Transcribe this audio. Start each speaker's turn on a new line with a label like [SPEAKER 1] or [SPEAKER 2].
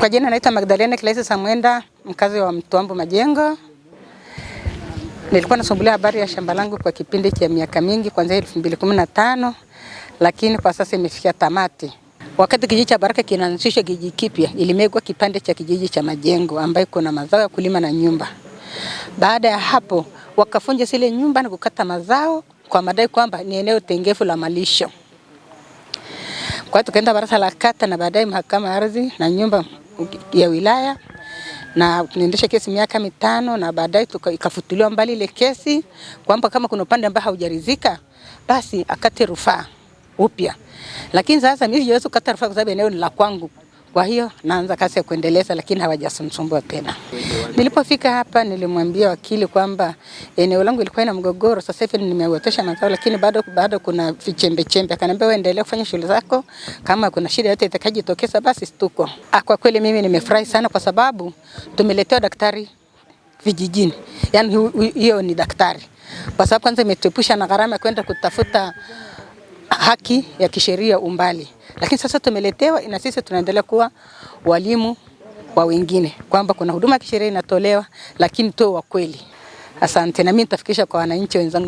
[SPEAKER 1] Kwa jina naitwa Magdalena Kilaisi Samwenda, mkazi wa Mtwambo Majengo. Nilikuwa nasumbulia habari ya shamba langu kwa kipindi cha miaka mingi kuanzia 2015 lakini kwa sasa imefikia tamati. Wakati kijiji cha Baraka kinaanzisha kijiji kipya, ilimegwa kipande cha kijiji cha Majengo ambayo kuna mazao ya kulima na nyumba. Baada ya hapo, wakafunja zile nyumba na kukata mazao kwa madai kwamba ni eneo tengefu la malisho. Kwa hiyo tukaenda baraza la kata na baadaye mahakama ya ardhi na nyumba ya wilaya na tunaendesha kesi miaka mitano na baadaye ikafutiliwa mbali ile kesi, kwamba kama kuna upande ambao haujaridhika basi akate rufaa upya. Lakini sasa mimi siwezi kukata rufaa kwa sababu eneo ni la kwangu, kwa hiyo naanza kazi ya kuendeleza, lakini hawajasumsumbua tena. Nilipofika hapa, nilimwambia wakili kwamba eneo langu ilikuwa ina mgogoro, sasa hivi nimeotesha mazao, lakini bado bado kuna vichembe chembe. Akaniambia wewe endelea kufanya shughuli zako, kama kuna shida yote itakayojitokeza basi situko. Ah, Kwa kweli mimi nimefurahi sana, kwa sababu tumeletewa daktari vijijini, yaani hiyo ni daktari, kwa sababu kwanza imetupusha na gharama kwenda kutafuta haki ya kisheria umbali, lakini sasa tumeletewa na sisi tunaendelea kuwa walimu wa wengine kwamba kuna huduma ya kisheria inatolewa, lakini tuwe wa kweli. Asante, na mimi nitafikisha kwa wananchi wenzangu.